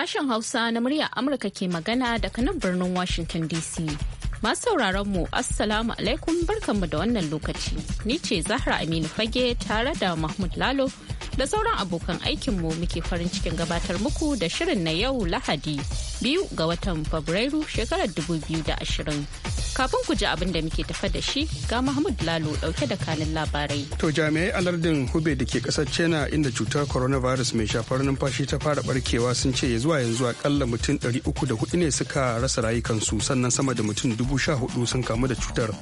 Sashen Hausa na murya Amurka ke magana daga nan birnin Washington DC. Masu sauraron mu Assalamu alaikum barkanmu da wannan lokaci. Ni ce Zahra Aminu Fage tare da Mahmud Lalo da sauran abokan aikinmu muke farin cikin gabatar muku da shirin na yau Lahadi. biyu ga watan Fabrairu shekarar 2020. Kafin ku ji abin da muke tafa da shi ga Mahmud Lalo dauke da kanin labarai. To jami'ai a lardin Hubei da ke kasar China inda cutar coronavirus mai shafar numfashi ta fara barkewa sun ce zuwa yanzu akalla mutum 304 ne suka rasa rayukansu sannan sama da mutum 14,000 sun kamu da cutar.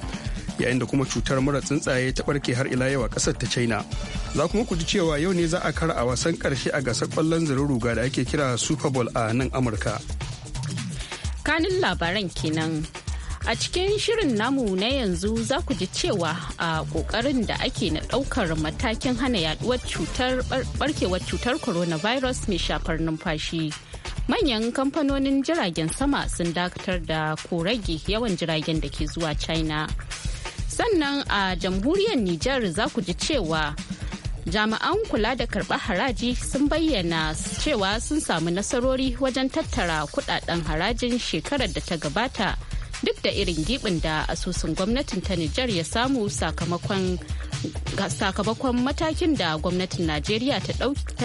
yayin da kuma cutar mura tsuntsaye ta barke har ila yau a kasar ta china za kuma ku ji cewa yau ne za a kara a wasan karshe a gasar kwallon zirin ruga da ake kira super bowl a nan amurka tsakanin labaran kenan. A cikin shirin namu na yanzu za ku ji cewa a ƙoƙarin da ake na ɗaukar matakin hana yaduwar cutar barkewar cutar coronavirus mai shafar numfashi. Manyan kamfanonin jiragen sama sun dakatar da ko rage yawan jiragen da ke zuwa China. Sannan a jamhuriyar Nijar za ku ji cewa jami'an kula da karɓar haraji sun bayyana cewa sun samu nasarori wajen tattara kudaden harajin shekarar da ta gabata duk da irin gibin da asusun gwamnatin ta Nijar ya samu sakamakon matakin da gwamnatin Najeriya ta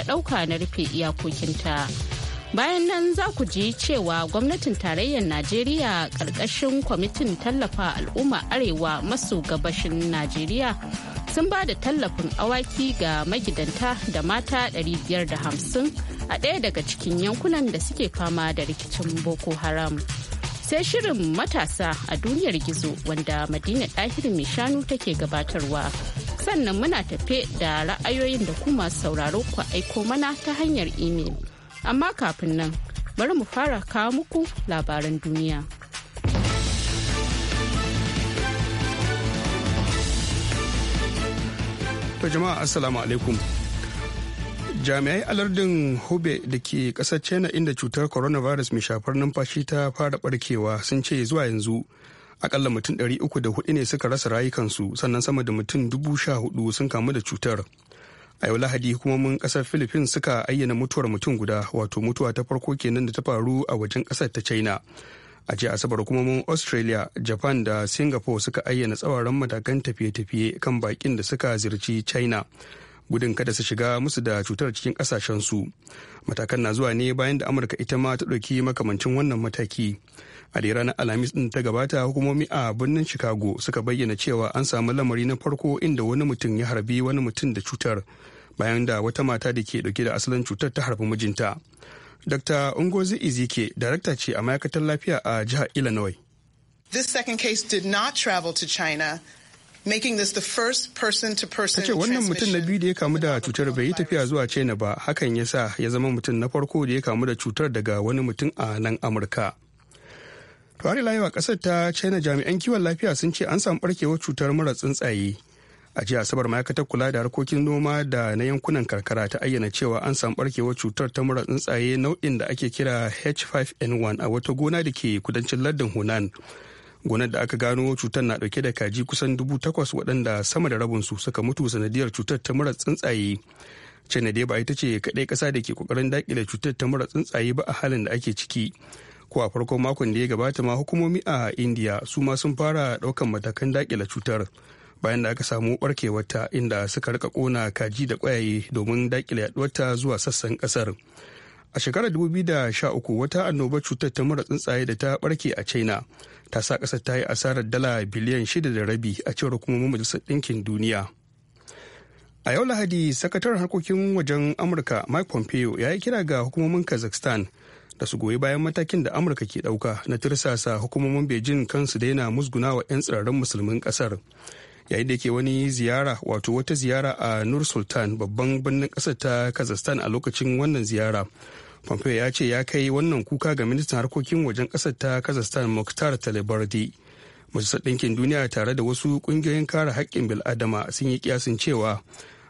ɗauka na rufe iyakokinta. Bayan nan za ku ji cewa gwamnatin tarayyar Najeriya karkashin kwamitin tallafa al'umma arewa maso gabashin Najeriya sun ba da tallafin awaki ga magidanta da mata 550 a ɗaya daga cikin yankunan da suke fama da rikicin boko haram sai shirin matasa a duniyar gizo wanda madina ɗahir mai shanu take gabatarwa sannan muna tafe da ra'ayoyin da kuma sauraro ku aiko mana ta hanyar imel amma kafin nan bari mu fara kawo muku labaran duniya. To jama'a assalamu alaikum. Jami'ai a lardin Hubei da ke ƙasar China inda cutar coronavirus mai shafar numfashi ta fara barkewa sun ce zuwa yanzu akalla mutum ɗari uku da hudu ne suka rasa rayukansu sannan sama da mutum dubu sha hudu sun kamu da cutar. a yau lahadi hukumomin kasar philippines suka ayyana mutuwar mutum guda wato mutuwa ta farko kenan da ta faru a wajen kasar ta china a ce asabar mun australia japan da singapore suka ayyana tsawaran matakan tafiye-tafiye kan bakin da suka zirci china gudun kada su shiga musu da cutar cikin kasashen su matakan na zuwa ne bayan da amurka ita ma ta ɗauki makamancin wannan mataki a da ranar alhamis din ta gabata hukumomi a birnin chicago suka bayyana cewa an samu lamari na farko inda wani mutum ya harbi wani mutum da cutar bayan da wata mata da ke dauke da asalin cutar ta harbi mijinta Dr. Ungozi Izike, darakta ce a ma'aikatar lafiya a jihar Illinois. This second case did not travel to China. making this the first person to person Tace wannan mutum na biyu da ya kamu da cutar bai yi tafiya zuwa China ba hakan ya sa ya zama mutum na farko da ya kamu da cutar daga wani mutum a nan Amurka. Tuwari layewa kasar ta China jami'an kiwon lafiya sun ce an samu barkewar cutar mara tsuntsaye a jiya asabar ma'aikatar kula da harkokin noma da na yankunan karkara ta ayyana cewa an samu barkewar cutar ta mura tsuntsaye nau'in da ake kira h5n1 a wata gona da ke kudancin lardin hunan gonar da aka gano cutar na dauke da kaji kusan dubu takwas waɗanda sama da rabinsu suka mutu sanadiyar cutar ta mura tsuntsaye china dai ba ita ce kaɗai ƙasa da ke ƙoƙarin daƙile cutar ta mura tsuntsaye ba a halin da ake ciki ko a farkon makon da ya gabata ma hukumomi a india su ma sun fara ɗaukan matakan daƙile cutar bayan da aka samu wata inda suka rika kona kaji da kwayaye domin dakile yaduwarta zuwa sassan kasar a shekarar 2013 wata annobar cutar ta mura tsuntsaye da ta barke a china ta sa kasar ta yi asarar dala biliyan shida da rabi a cewar kuma majalisar ɗinkin duniya a yau lahadi sakataren harkokin wajen amurka mike pompeo ya yi kira ga hukumomin kazakhstan da su goyi bayan matakin da amurka ke ɗauka na tirsasa hukumomin beijing kansu daina musgunawa 'yan tsirarin musulmin ƙasar yayin da ke wani ziyara wato wata ziyara a nur sultan babban birnin kasar ta kazakhstan a lokacin wannan ziyara pompeo ya ce ya kai wannan kuka ga ministan harkokin wajen kasar ta kazakhstan muktar talibardi majalisar ɗinkin duniya tare da wasu ƙungiyoyin kare haƙƙin bil'adama sun yi kiyasin cewa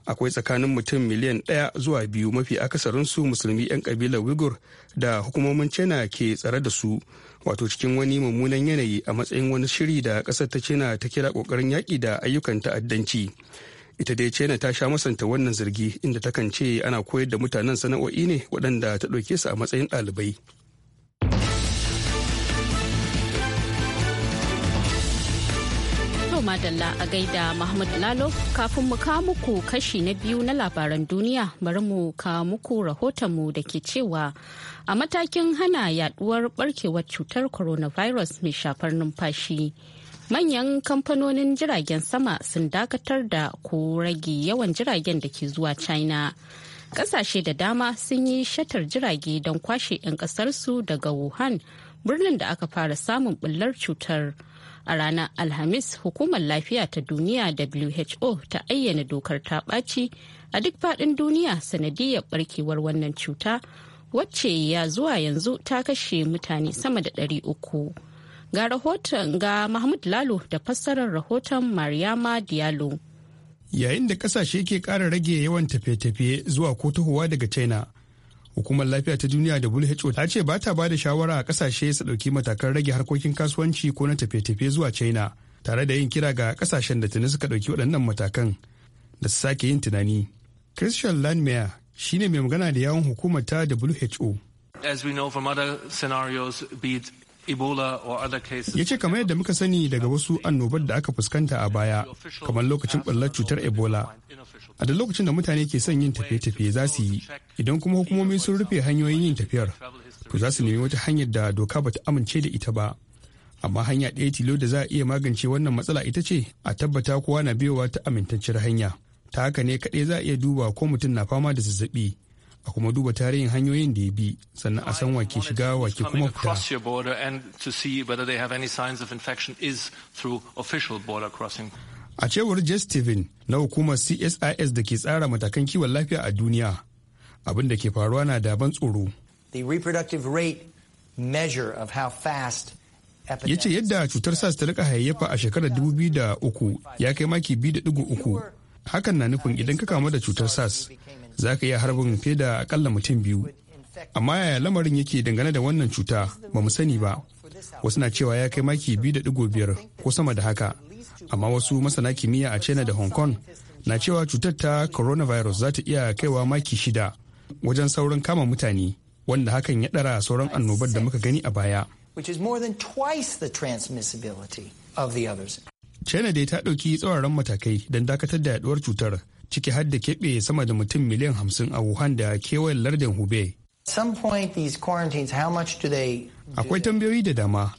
akwai tsakanin mutum miliyan ɗaya zuwa biyu mafi akasarinsu musulmi 'yan ƙabilar wigur da hukumomin china ke tsare da su wato cikin wani mummunan yanayi a matsayin wani shiri da ƙasar ta china ta kira kokarin yaki da ayyukan ta'addanci ita dai china ta sha masanta wannan zargi inda ta kan ce ana koyar da mutanen sana'o'i ne waɗanda ta ɗauke su a matsayin ɗalibai madalla a gaida Mahmud Lalo kafin mu kawo muku kashi na biyu na labaran duniya bari mu kawo muku rahotonmu da ke cewa a matakin hana yaduwar barkewar cutar coronavirus mai shafar numfashi. Manyan kamfanonin jiragen sama sun dakatar da ko rage yawan jiragen da ke zuwa China. Kasashe da dama sun yi shatar jirage don kwashe 'yan kasarsu daga Wuhan, birnin da aka fara samun bullar cutar. A ranar Alhamis, Hukumar Lafiya ta Duniya WHO ta ayyana dokar ta ɓaci a duk faɗin duniya sanadiyar ɓarkewar wannan cuta, wacce ya zuwa yanzu ta kashe mutane sama da ɗari uku. Ga rahoton ga Mahmud Lalo da fassarar rahoton Mariama Diallo. Yayin da kasashe ke ƙara rage yawan tafiye-tafiye zuwa ko tahowa daga China. hukumar lafiya ta duniya who ta ce ba ta ba da shawara a kasashe su ɗauki matakan rage harkokin kasuwanci ko na tafiye-tafiye zuwa china tare da yin kira ga kasashen da tuni suka ɗauki waɗannan matakan da su sake yin tunani christian landmeyer shine mai magana da yawon hukumar ta who as we know from other scenarios be it ya ce kamar yadda muka sani daga wasu annobar da aka fuskanta a baya kamar lokacin ɓallar cutar ebola a da lokacin da mutane ke son yin tafiye-tafiye za su yi idan kuma hukumomi sun rufe hanyoyin yin tafiyar to za su nemi wata hanyar da doka bata amince da ita ba amma hanya ɗaya tilo da za a iya magance wannan matsala ita ce a tabbata kowa na biyowa ta amintacciyar hanya ta haka ne kaɗai za a iya duba ko mutum na fama da zazzaɓi a kuma duba tarihin hanyoyin da ya bi sannan a san wake shiga wake kuma fita. A cewar jestivin na hukumar CSIS da ke tsara matakan kiwon lafiya a duniya abin da ke faruwa na da ban tsoro. ya ce yadda cutar sars ta rika hayayyafa a shekarar 2003 ya kai maki 2.3 hakan na nufin idan ka kamu da cutar sars za ka iya harbin fiye da akalla mutum biyu amma yaya lamarin yake dangane da wannan cuta ba mu sani ba wasu na cewa ya kai maki biyu da ɗigo biyar ko sama da haka amma wasu masana kimiyya a china da hong kong na cewa cutar ta coronavirus za ta iya kaiwa maki shida wajen sauran kama mutane wanda hakan ya ɗara sauran annobar da muka gani a baya china dai ta ɗauki tsauraran matakai don dakatar da yaɗuwar cutar ciki har da keɓe sama da mutum miliyan hamsin a Wuhan da kewayen lardin Hubei. Akwai tambayoyi da dama,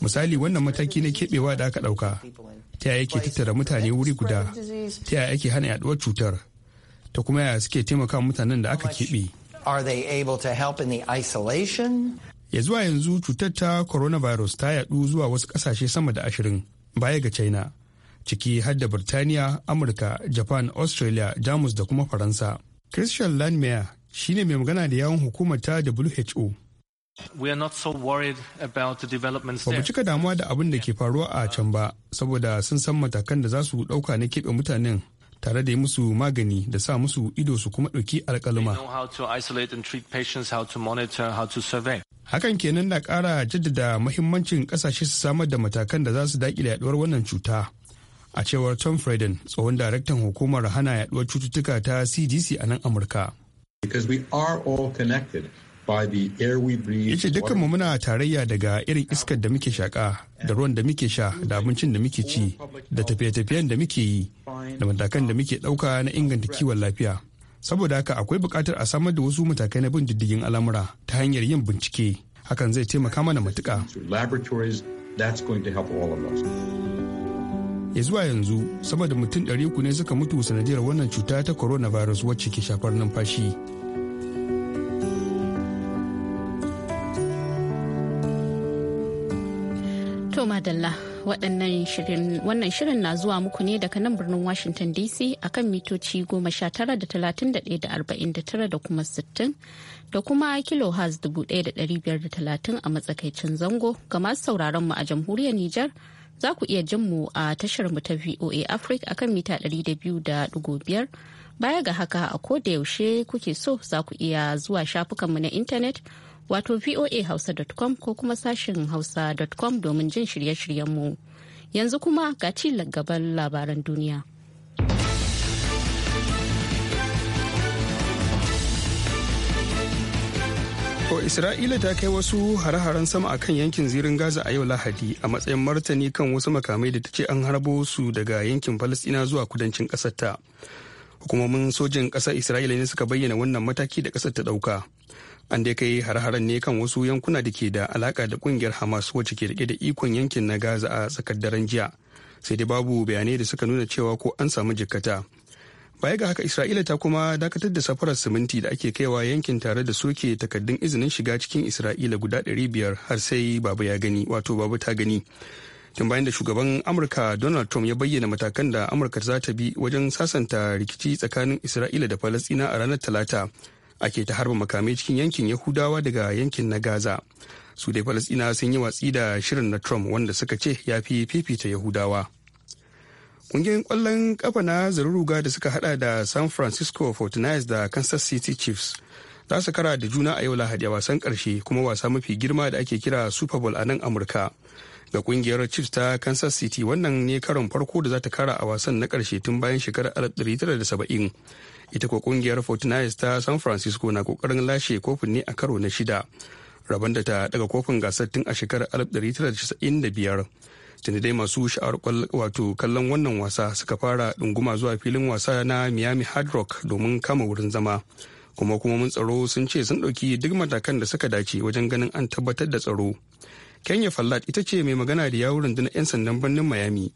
misali wannan mataki na keɓewa da aka ɗauka, ta yaya ke tattara mutane wuri guda, ta yaya yake hana yaɗuwar cutar, ta kuma yaya suke taimaka mutanen da aka keɓe. Ya zuwa yanzu cutar ta coronavirus ta yaɗu zuwa wasu ƙasashe sama da ashirin baya ga China. ciki har da Birtaniya, Amurka, Japan, Australia, Jamus da kuma Faransa. Christian Landmeyer shine mai magana da yawon hukumar ta WHO. We are not so worried about the Ba mu cika damuwa da abin da ke faruwa a can ba, saboda sun san matakan da za su ɗauka na keɓe mutanen tare da yi musu magani da sa musu ido su kuma ɗauki alƙaluma. Hakan kenan na ƙara jaddada mahimmancin ƙasashe su samar da matakan da za su daƙile yaɗuwar wannan cuta. a cewar tom freden tsohon daraktan hukumar hana yaduwar cututtuka ta cdc a nan amurka yace dukkan mu muna tarayya daga irin iskar da muke shaka da ruwan da muke sha da abincin da muke ci da tafiye-tafiyen da muke yi da matakan da muke ɗauka na inganta kiwon lafiya saboda haka akwai buƙatar a samar da wasu matakai na bin diddigin al'amura ta hanyar yin bincike hakan zai taimaka mana matuƙa. ya zuwa yanzu saboda da mutum 300 ne suka mutu sanadiyar wannan cuta ta coronavirus wacce ke shafar numfashi to madalla wannan shirin na zuwa muku ne daga nan birnin washington dc akan mitoci 19.31 da da kuma 60 da kuma 1530 a matsakaicin zango ga masu sauraron mu a jamhuriyar nijar. za ku iya jin mu a tashar mu ta VOA Africa akan mita 200.5 baya ga haka a da yaushe kuke so za ku iya zuwa shafukanmu na intanet wato voahausa.com ko kuma sashin hausa.com domin jin shirye-shiryenmu yanzu kuma ga ci gaban labaran duniya. To Isra'ila ta kai wasu hare-haren sama akan yankin zirin Gaza a yau Lahadi a matsayin martani kan wasu makamai da ta ce an harbo su daga yankin falastina zuwa kudancin kasarta ta. Hukumomin sojin ƙasar Isra'ila ne suka bayyana wannan mataki da ƙasar ta ɗauka. An dai kai hare-haren ne kan wasu yankuna da ke da alaƙa da ƙungiyar Hamas wacce ke rike da ikon yankin na Gaza a tsakar daren jiya. Sai dai babu bayanai da suka nuna cewa ko an samu jikkata. baya ga haka isra'ila ta kuma dakatar da safarar siminti da ake kaiwa yankin tare da soke takaddun izinin shiga cikin isra'ila guda 500 har sai babu ya gani wato babu ta gani tun bayan da shugaban amurka donald trump ya bayyana matakan da amurka za ta bi wajen sasanta rikici tsakanin isra'ila da falastina a ranar talata ake ta harba makamai cikin yankin yahudawa daga yankin na gaza su dai falastina sun yi watsi da shirin na trump wanda suka ce ya fi fifita yahudawa Ƙungiyoyin ƙwallon ƙafa na zaruruga da suka hada da San Francisco 49 da Kansas City Chiefs za su kara da juna a yau Lahadi a wasan ƙarshe kuma wasa mafi girma da ake kira Super Bowl a nan Amurka. Ga ƙungiyar Chiefs ta Kansas City wannan ne karon farko da za ta kara a wasan na ƙarshe tun bayan shekarar 1970. Ita ko ƙungiyar 49 ta San Francisco na ƙoƙarin lashe kofin ne a karo na shida. Rabon da ta daga kofin gasar tun a shekarar 1995. tuni dai masu sha'ar wato kallon wannan wasa suka fara ɗunguma zuwa filin wasa na miami hard rock domin kama wurin zama kuma kuma mun tsaro sun ce sun ɗauki duk matakan da suka dace wajen ganin an tabbatar da tsaro kenya fallat ita ce mai magana da yawon rundunar 'yan sandan birnin miami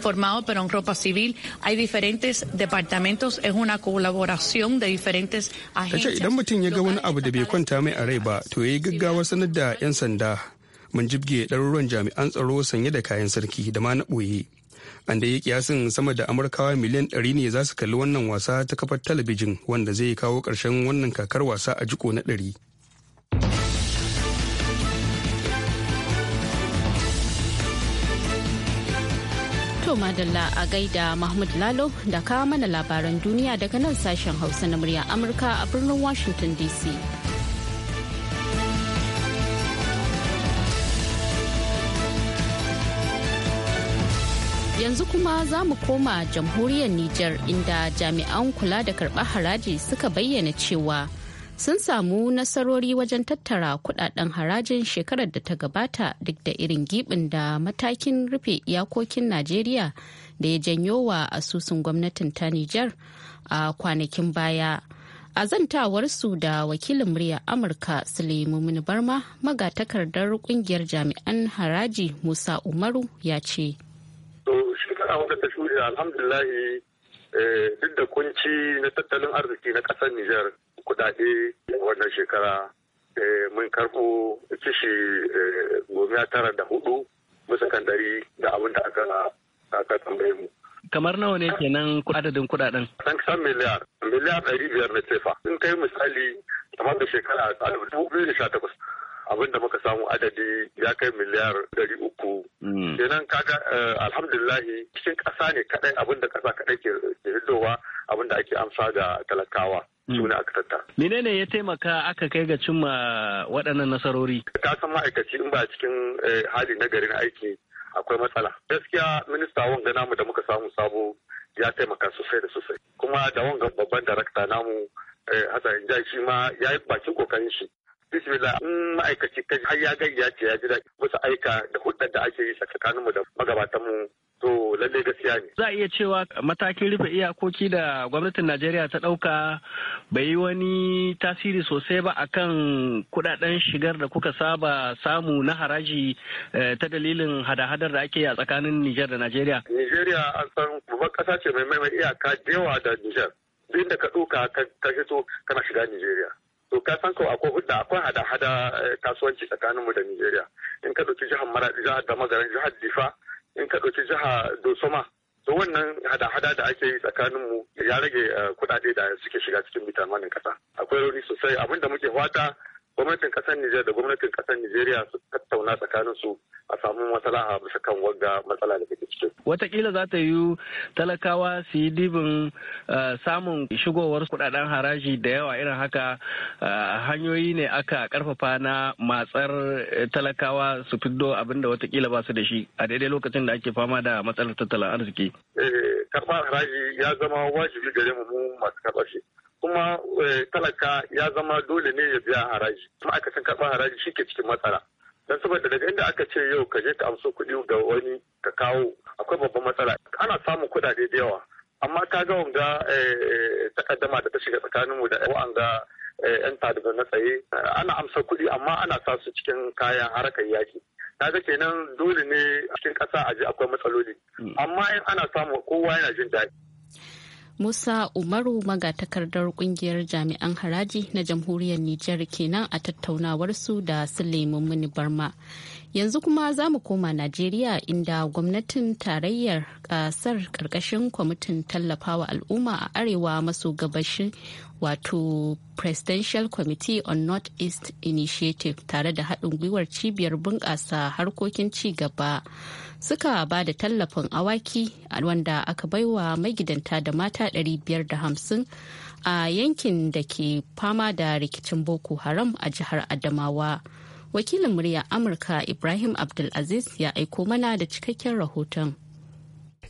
formado pero en ropa civil. Hay diferentes departamentos, es una colaboración de diferentes agencias. idan mutum ya ga wani abu da bai kwanta mai a rai ba, to ya yi gaggawa sanar da 'yan sanda. mun jibge ɗaruruwan jami'an tsaro sanye da kayan sarki da ma na ɓoye an da yi kiyasin sama da amurkawa miliyan ɗari ne za su kalli wannan wasa ta kafar talabijin wanda zai kawo ƙarshen wannan kakar wasa a jiko na ɗari. To Madalla a gaida Mahmud Lalo da kawo mana labaran duniya daga nan sashen Hausa na murya Amurka a birnin Washington DC. Yanzu kuma za mu koma jamhuriyar Nijar inda jami'an kula da karɓar haraji suka bayyana cewa sun samu nasarori wajen tattara kudaden harajin shekarar da ta gabata duk da irin gibin da matakin rufe iyakokin Najeriya da ya janyo wa asusun gwamnatin ta Nijar a kwanakin baya. a zantawarsu da wakilin murya amurka suleiman barma magatakardar kungiyar jami'an haraji musa umaru ya ce to shekara wadda ta shuri alhamdulahi eh, duk da kunci na tattalin arziki na kasar Nijar kudade wannan shekara eh, mun karbo kishi eh, goma tara da hudu bisa kan dari da abin da aka aka tambaye mu. Kamar nawa ne kenan adadin kudaden? San san miliyar, miliyar 500 biyar na sefa. In kai misali kamar da shekara a dubu abin da muka samu adadi ya kai miliyar dari uku. Hmm. Kenan kaga eh, alhamdulillahi cikin ƙasa ne kaɗai abin da ƙasa kaɗai ke hidowa abin da ake amsa ga talakawa. Hmm. suna aka tattara. Menene ya taimaka aka kai ga cimma waɗannan nasarori? Ka san ma'aikaci in ba cikin eh, hali na garin aiki akwai matsala. Gaskiya minista wanga namu da muka samu sabo ya taimaka sosai da sosai. Kuma da wanga babban darakta namu eh, Hassan Injai shi ma ya yi bakin kokarin shi bismillah in ma'aikaci kai har ya gayya ce ya ji daɗi wasu aika da hudda da ake yi tsakaninmu da magabatanmu to lalle gaskiya ne. Za a iya cewa matakin rufe iyakoki da gwamnatin Najeriya ta ɗauka bai yi wani tasiri sosai ba a kan kuɗaɗen shigar da kuka saba samu na haraji eh, ta dalilin hada-hadar da ake yi a tsakanin Nijar da Najeriya. Nijeriya an san babban ƙasa ce mai maimai iyaka da yawa da Nijar. Duk da ka ɗauka ka fito kana shiga Nijeriya. to ka san ko akwai hudda akwai hada-hada eh, kasuwanci tsakaninmu da Nigeria in ka ɗauki jihar Maradi jihar jihar Difa in ka ɗauki jihar Dosoma to wannan hada-hada da ake yi tsakaninmu ya rage eh, kuɗaɗe da suke shiga cikin bitamin kasa akwai rauni sosai abinda muke fata gwamnatin kasar Nijar da gwamnatin kasar Nijeriya su tattauna tsakanin su a samu maslaha bisa kan wagga matsala da take cikin. Watakila za ta yi talakawa su yi dibin eh, samun shigowar kudaden haraji da yawa irin haka eh, hanyoyi ne aka karfafa na matsar talakawa su fiddo abinda watakila ba su da shi a daidai lokacin da ake fama da matsalar tattalin arziki. Eh, karɓar haraji ya zama wajibi gare mu masu karɓar kuma eh, talaka ya zama dole ne ya biya haraji kuma aka san karɓar haraji shi ke cikin matsala don saboda daga inda aka ce yau ka je ka amsa kuɗi ga wani ka kawo akwai babban matsala ana samun kuɗaɗe da yawa amma ka ga wanga eh, takaddama da ta shiga mu da wa'anga 'yan eh, taliban na tsaye ana amsa kuɗi amma ana sa su cikin kayan harkar yaki ga kenan dole ne cikin ƙasa a ji akwai matsaloli hmm. amma in ana samu kowa yana jin daɗi Musa Umaru magatakardar kungiyar jami'an haraji na jamhuriyar Nijar kenan a tattaunawar su da Suleiman Barma. Yanzu kuma za mu koma Najeriya inda gwamnatin tarayyar kasar karkashin kwamitin tallafawa al'umma a arewa maso gabashin wato Presidential Committee on North East Initiative tare da haɗin gwiwar cibiyar bunƙasa harkokin ci gaba. suka ba da tallafin awaki wanda aka baiwa magidanta da mata 550 a yankin da ke fama da rikicin boko haram a jihar adamawa wakilin murya amurka ibrahim abdulaziz ya aiko mana da cikakken rahoton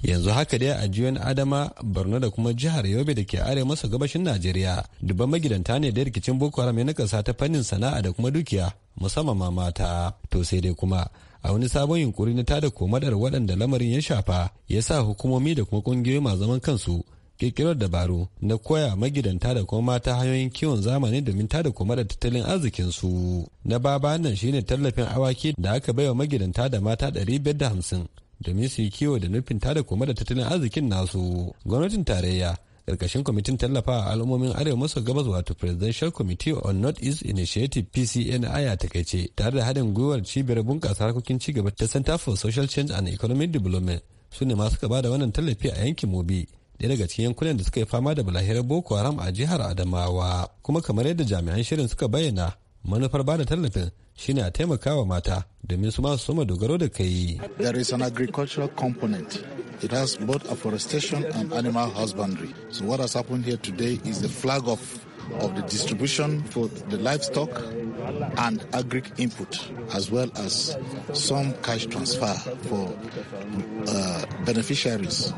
yanzu haka dai a jiyon adama borno da kuma jihar yobe da ke arewa masa gabashin najeriya dubban magidanta ne da rikicin boko haram ya nakasa ta fannin sana'a da kuma dukiya musamman ma mata to sai dai kuma a wani sabon yunkuri na tada komadar waɗanda lamarin ya shafa ya sa hukumomi da kuma ƙungiyoyi masu zaman kansu kirkirar dabaru na koya magidanta da kuma mata hanyoyin kiwon zamani domin tada komadar da tattalin arzikinsu na baba nan shine tallafin awaki da aka baiwa magidanta da mata 550 domin su yi kiwo da nufin tada koma da tattalin arzikin nasu gwamnatin tarayya karkashin kwamitin tallafa a al'ummomin arewa maso gabas wato presidential committee on north east initiative pcni a takaice tare da haɗin gwiwar cibiyar bunƙasa harkokin cigaba ta center for social change and economic development su ne masu gaba da wannan tallafi a yankin mobi ɗaya daga cikin yankunan da suka yi fama da balahirar boko haram a jihar adamawa kuma kamar yadda jami'an shirin suka bayyana manufar bada tallafin shine a taimakawa mata domin su masu soma dogaro da kai. There is an agricultural component. It has both afforestation and animal husbandry. So what has happened here today is the flag of of the distribution for the livestock and agri input, as well as some cash transfer for uh, beneficiaries,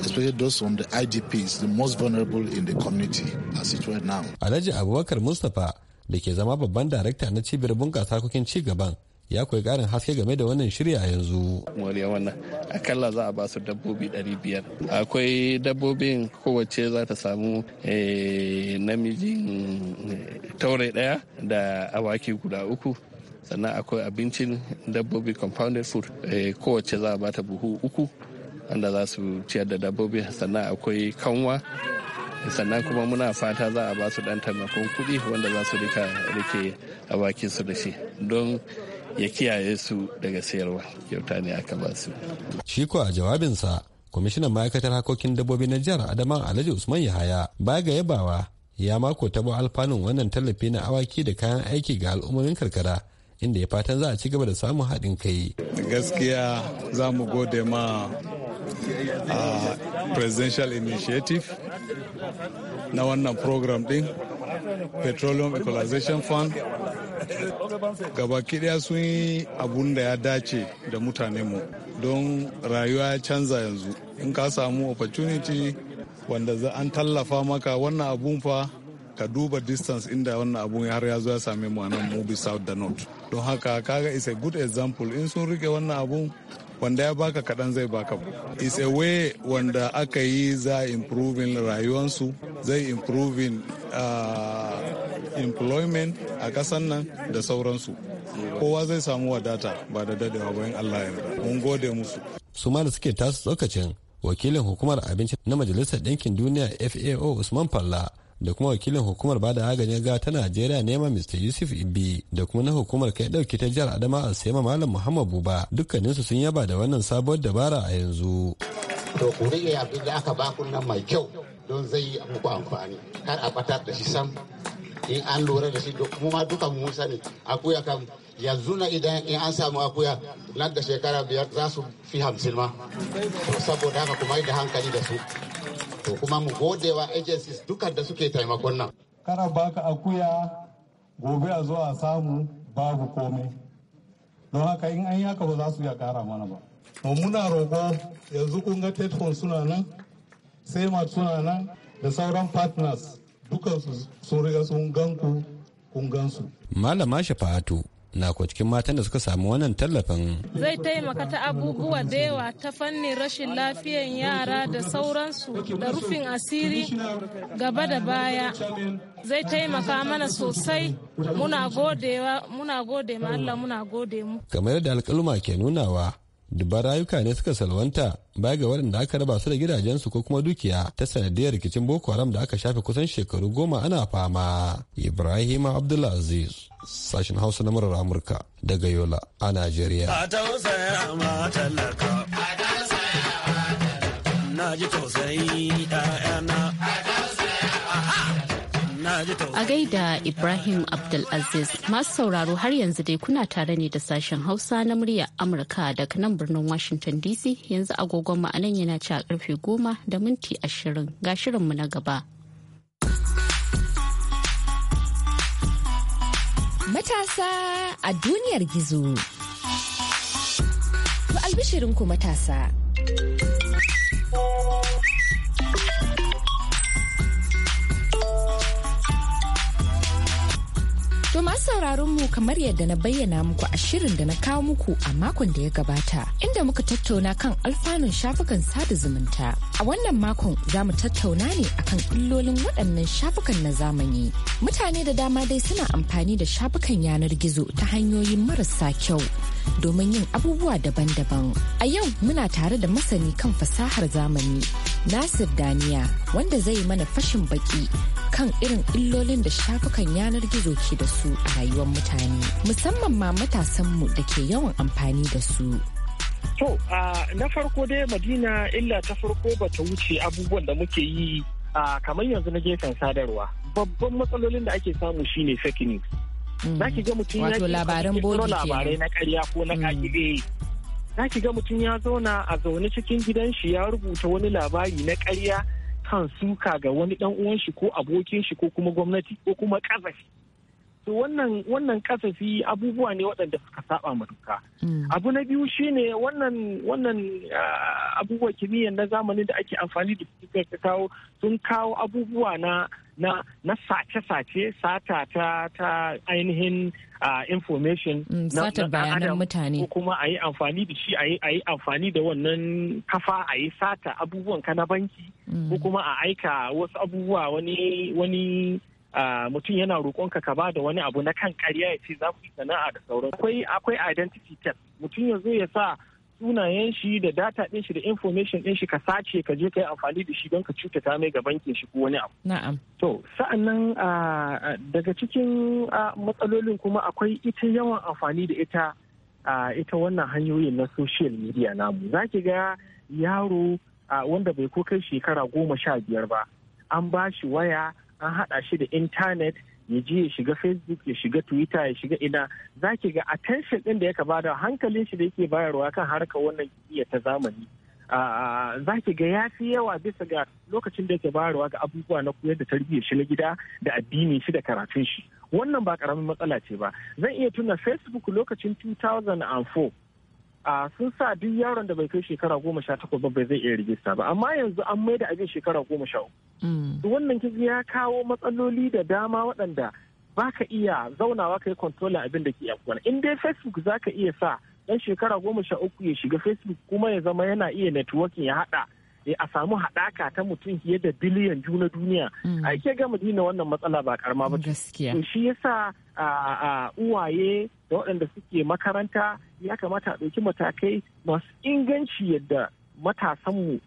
especially those on the IDPs, the most vulnerable in the community as it were now. Alhaji Abubakar Mustapha da ke zama babban darakta na cibiyar bunƙasa harkokin ci gaban ya koyi karin haske game da wannan shirya yanzu. Moriya wannan akalla za a ba su dabbobi 500. Akwai dabbobin kowace za ta samu eh, namijin eh, taurai daya da awaki guda uku. sannan akwai abincin dabbobi compounded food eh, kowace za a ba ta buhu uku wanda za su ciyar da dabbobi sannan akwai kanwa sannan kuma muna fata za a ba su dan taimakon kuɗi wanda za su rika rike a su da shi don ya kiyaye su daga sayarwa kyauta ne aka ba su. Shi ko a jawabinsa kwamishinan ma'aikatar harkokin dabbobi na jihar Adama Alhaji Usman Yahaya ba ga yabawa ya mako tabo alfanun wannan tallafi na awaki da kayan aiki ga al'ummomin karkara inda ya fatan za a ci gaba da samun haɗin kai. Gaskiya za mu gode ma a ah, presidential initiative na wannan program din petroleum equalization fund gabaki daya sun yi abun da ya dace da mu don rayuwa ya canza yanzu in ka samu opportunity wanda za an tallafa maka wannan abun fa ka duba distance inda wannan abun har ya zo ya same mu a nan bi south da north don haka kaga is a good example in sun rike wannan abun wanda ya baka kaɗan zai baka is a way wanda aka yi za improving rayuwansu zai improving uh, employment a kasan nan da sauransu kowa zai samu wadata ba da dadewa bayan allah da mun gode musu su ma da suke tasu tsokacin wakilin hukumar abinci na majalisar ɗinkin duniya fao usman falla da kuma wakilin hukumar bada agajin ga ta najeriya nema mr yusuf ibi da kuma na hukumar kai dauki ta jihar adama a ma malam muhammad buba dukkaninsu sun yaba da wannan sabuwar dabara a yanzu to ku ya abin da aka baku nan mai kyau don zai yi muku amfani kar a batar da shi sam in an lura da shi kuma ma dukan mu sani akuya kam yanzu na idan in an samu akuya nan da shekara biyar za su fi hamsin ma saboda haka kuma yi da hankali da su to kuma mu gode wa agencies dukkan da suke taimakon nan kana baka akuya gobe a zuwa samu babu komai don haka in an yi haka ba za su iya kara mana ba to muna roƙo yanzu kun ga tetfon suna nan sema suna nan da sauran partners dukansu sun riga sun ganku kun gansu malama shafa'atu na ko cikin matan da suka samu wannan tallafin. Zai taimaka ta abubuwa da yawa ta fannin rashin lafiyan yara da sauransu da rufin asiri gaba da baya. Zai taimaka mana sosai muna gode ma Allah muna gode mu. Kamar yadda alƙaluma ke nunawa dubban rayuka ne suka salwanta baya ga waɗanda aka raba su da gidajensu ko kuma dukiya ta sanadiyar rikicin boko haram da aka shafe kusan shekaru goma ana fama ibrahim abdulaziz sashen hausa na murar amurka daga yola a najeriya na ji tausayi 'ya'yana A gaida Ibrahim Abdulaziz masu sauraro har yanzu dai kuna tare ne da sashen Hausa na murya Amurka daga nan birnin Washington DC yanzu agogon ma'anan yana ci a karfe goma da minti ashirin ga shirinmu na gaba. Matasa a duniyar gizo. To albishirinku matasa. To ma sauraron mu kamar yadda na bayyana muku a shirin da na kawo muku a makon da ya gabata inda muka tattauna kan alfanun shafukan sada zumunta. A wannan makon za mu tattauna ne akan illolin waɗannan shafukan na zamani. Mutane da dama dai suna amfani da shafukan yanar gizo ta hanyoyin marasa kyau. domin yin abubuwa daban-daban. A yau muna tare da masani kan fasahar zamani Nasir Daniya wanda zai mana fashin baki kan irin illolin da shafukan yanar gizo ke da su a rayuwar mutane musamman ma matasanmu da ke yawan amfani da su. To, na farko dai Madina illa ta farko ba ta wuce abubuwan da muke yi kamar yanzu na gefen sadarwa. Babban matsalolin da ake samu shine fake news. Mm. za ki ga mutum ya wato labaran labarai na karya ko na mm. ki ga mutum ya zauna a zaune cikin gidan shi ya rubuta wani labari na karya kan suka ga wani dan uwan shi ko abokin shi ko kuma gwamnati ko kuma kasafi to wannan wannan kasafi abubuwa ne waɗanda suka saba ma duka. Mm. abu na biyu shine wannan wannan ah, abubuwa kimiyyar na zamanin da ake amfani da su kawo sun kawo abubuwa na na na sace-sace sata ta ta ainihin information mm, sata bayanan mutane kuma a yi amfani da shi a yi amfani da wannan kafa a yi sata abubuwan ka na banki ko mm. kuma a aika wasu abubuwa wani wani mutum yana roƙon ka ba da wani abu na kan karya ya ce za ku yi sana'a da sauran akwai akwai identity test mutum ya ya sa sunayen shi da data ɗin shi da information ɗin shi ka sace ka je ka yi amfani da shi don ka cutata mai ga bankin shi ko wani abu. Na'am. To sa'annan daga cikin matsalolin kuma akwai ita yawan amfani da ita ita wannan hanyoyin na social media namu. Za ki ga yaro wanda bai ko kai shekara goma sha biyar ba an ba shi waya an haɗa shi da intanet ya je ya shiga facebook ya shiga twitter ya shiga ina za ki ga attention ɗin da ya bada hankalin shi da yake bayarwa kan harkar wannan iya ta zamani za ki ga ya fi yawa bisa ga lokacin da yake bayarwa ga abubuwa na koyar da tarbiyyar shi na gida da addini shi da karatun shi wannan ba karamin matsala ce ba zan iya tuna facebook lokacin 2004 a sun sa duk yaron da bai kai shekara goma sha takwas ba zai iya rijista ba amma yanzu an mai da abin shekara goma sha uku Mm. wannan kizi ya kawo matsaloli da dama waɗanda ba ka iya zaunawa ka yi kontrolin abin da ke afkuwa in dai facebook za ka iya sa dan shekara goma sha uku ya shiga facebook kuma ya zama yana iya networking ya haɗa a samu haɗaka ta mutum fiye da biliyan juna duniya mm. a ke ga madina wannan matsala ba karama ba gaskiya shi yasa uwaye da waɗanda suke makaranta ya kamata a ɗauki matakai masu inganci yadda matasanmu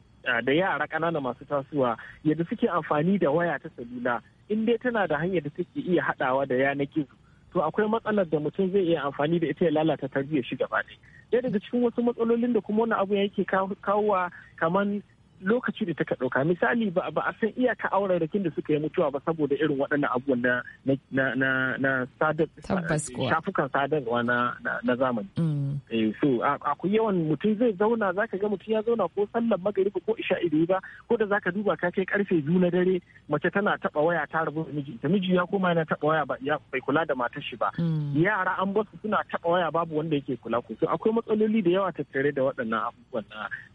da yara kanana masu tasowa yadda suke amfani da waya ta salula in dai tana da hanyar da take iya haɗawa da yanar gizo to akwai matsalar da mutum zai iya amfani da ita ya lalata tarbiyyar shi gaba ɗaya daga cikin wasu matsalolin da kuma wani abu yake kawowa kaman. lokaci da ta ɗauka misali ba a san iyaka aurarrakin da suka yi mutuwa ba saboda irin waɗannan abubuwan na na na shafukan sadarwa na zamani mm. eh, so akwai yawan mutum zai zauna zaka ga mutum ya zauna ko sallar magariba ko isha iri ba ko da zaka duba ka kai karfe biyu na dare mace tana taba waya ta rabu da miji miji ya koma yana taba waya ba ya bai kula da matar shi ba mm. yara an basu suna taba waya babu wanda yake kula ko so akwai matsaloli da yawa tattare da waɗannan abubuwan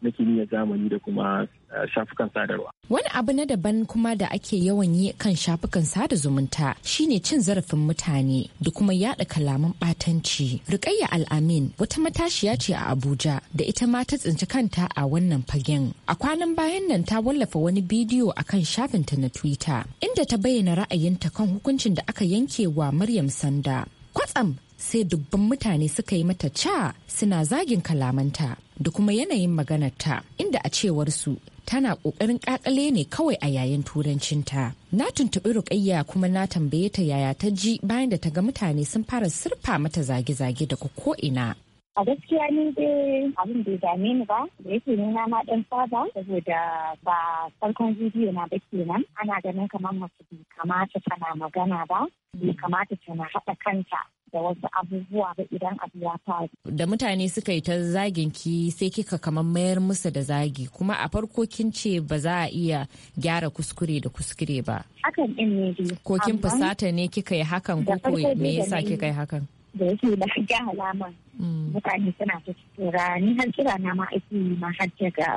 na kimiyyar zamani da kuma Eh, shafukan sadarwa. Wani abu na daban kuma da ake yawan yi kan shafukan sada zumunta shine cin zarafin mutane da kuma yada kalaman batanci. Rukayya Al'amin wata matashiya ce a Abuja da ita ma ta tsinci kanta a wannan fagen. A kwanan bayan nan ta wallafa wani bidiyo a kan shafinta na Twitter inda ta bayyana ra'ayinta kan hukuncin da aka yanke wa Maryam Sanda. Kwatsam sai dubban mutane suka yi mata ca suna zagin kalamanta da kuma yanayin maganarta inda a cewar su tana ƙoƙarin ƙaƙale ne kawai a yayin turancinta. Na tuntuɓi Rukayya kuma na tambaye ta yaya ta ji bayan da ta ga mutane sun fara sirfa mata zage-zage daga ko'ina. a gaskiya ni dai abin bai dame ni ba da yake ni na ma dan saba saboda ba farkon bidiyo na ba kenan ana ganin kamar masu bai kamata tana magana ba bai kamata tana haɗa kanta da wasu abubuwa ba idan abu ya faru. Da mutane suka yi ta zagin ki sai kika kamar mayar musu da zagi kuma a farko kin ce ba za a iya gyara kuskure da kuskure ba. Hakan ne Ko kin fusata ne kika yi hakan ko ko me yasa kika yi hakan? Da yake da ga alama. Mm. Mutane suna ta kira ni har kira na ma ake yi ma har ga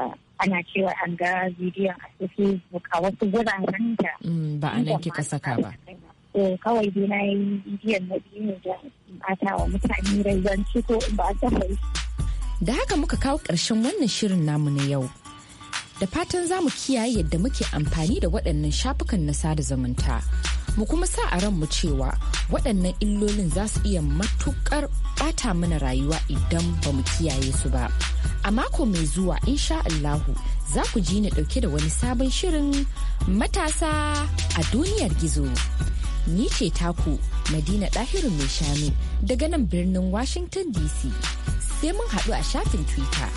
ana cewa an ga bidiyon a Facebook a wasu wuraren da. Mm, ba a nan kika saka ba. Eh, kawai dai na yi bidiyon na biyu ne da bata mutane rai zan ci in ba Da haka muka kawo ƙarshen wannan shirin namu na yau. Da fatan za mu kiyaye yadda muke amfani da waɗannan shafukan na sada zumunta. Mu kuma sa a ran mu cewa waɗannan illolin za su iya matuƙar ɓata mana rayuwa idan ba mu kiyaye su ba. A mako mai zuwa insha Allahu za ku ji ni ɗauke da wani sabon shirin matasa a duniyar gizo. ni ce taku Madina Dahiru mai shanu daga nan birnin Washington DC. Sai mun haɗu a shafin Twitter.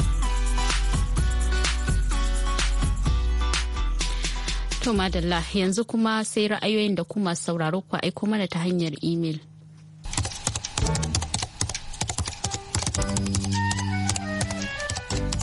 To madalla yanzu kuma sai ra'ayoyin da kuma sauraro ku aiko mana ta hanyar imel.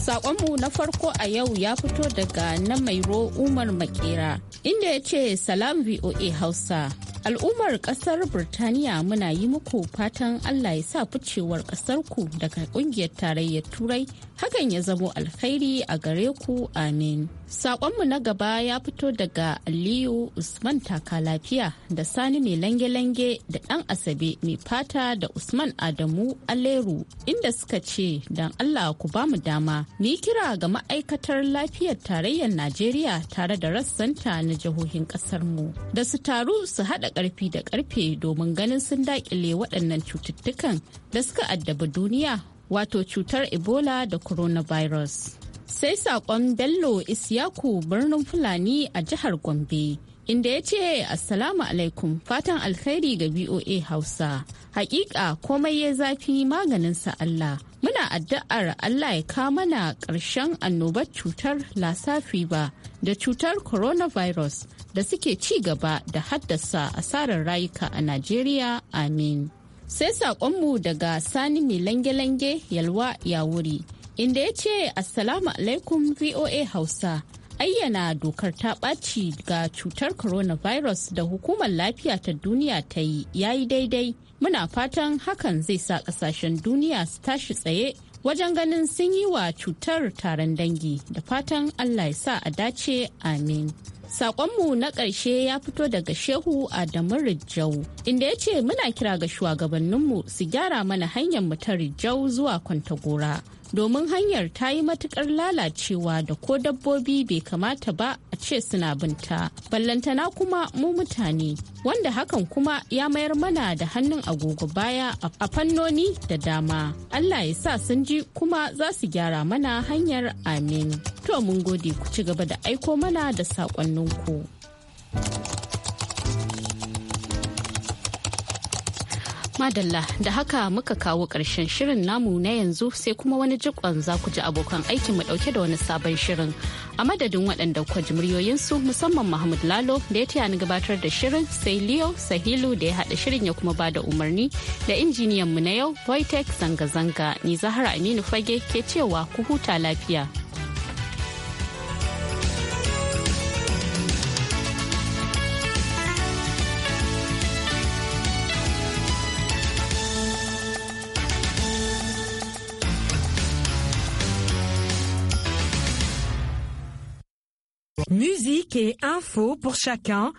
saƙonmu na farko a yau ya fito daga na Mairo Umar Makera inda ya ce Salam VOA Hausa. Al'ummar kasar Birtaniya muna yi muku fatan Allah ya sa ficewar ku daga ƙungiyar tarayyar Turai hakan ya zamo alkhairi a gare ku amin. Sakonmu na gaba ya fito daga Aliyu Usman taka lafiya da Sani mai lange-lange da ɗan Asabe mai fata da Usman Adamu Aleru inda suka ce don Allah ku ba mu dama. Mu kira ga ma'aikatar lafiyar tarayyar Najeriya tare da rassanta na jihohin mu Da su taru su haɗa ƙarfi da ƙarfe domin ganin sun daƙile waɗannan cututtukan da suka addabi duniya wato cutar Ebola da coronavirus. Sai saƙon Bello isiyaku birnin Fulani a jihar Gombe. Inda ya ce Assalamu alaikum fatan alkhairi ga BOA Hausa. Hakika komai ya zafi maganin sa Allah. Muna addu'ar Allah ya ka mana ƙarshen annobar cutar lasafi ba da cutar coronavirus da suke ci gaba da haddasa asarar rayuka a Najeriya. Amin. Sai saƙonmu daga Sani mai lange-lange yalwa ya wuri. inda ya ce assalamu alaikum voa hausa ayyana dokar ta ɓaci ga cutar coronavirus da hukumar lafiya ta duniya ta yi yayi daidai muna fatan hakan zai sa ƙasashen duniya su tashi tsaye wajen ganin sun yi wa cutar taron dangi da fatan allah ya sa a dace amin saƙonmu na ƙarshe ya fito daga Shehu Adamu Rijau, inda ya ce muna kira ga shugabanninmu su gyara mana hanyar mu ta Rijau zuwa Kwantagora. domin hanyar ta yi matukar lalacewa da ko dabbobi bai kamata ba a ce suna binta ballantana kuma mu mutane wanda hakan kuma ya mayar mana da hannun agogo baya a fannoni da dama allah ya sa sun ji kuma za su gyara mana hanyar amin to mun gode ku ci gaba da aiko mana da saƙonninku. ku Madalla da haka muka kawo ƙarshen shirin namu na yanzu sai kuma wani jikon za ku ji abokan aikin mu ɗauke da wani sabon shirin. A madadin waɗanda kwa muryoyinsu musamman Mahmud Lalo da ya taya ni gabatar da shirin sai Leo Sahilu da ya haɗa shirin ya kuma bada umarni da injiniyan mu na yau Voitech zanga-zanga ni Zahra Aminu Fage ke cewa ku huta lafiya. musique et info pour chacun.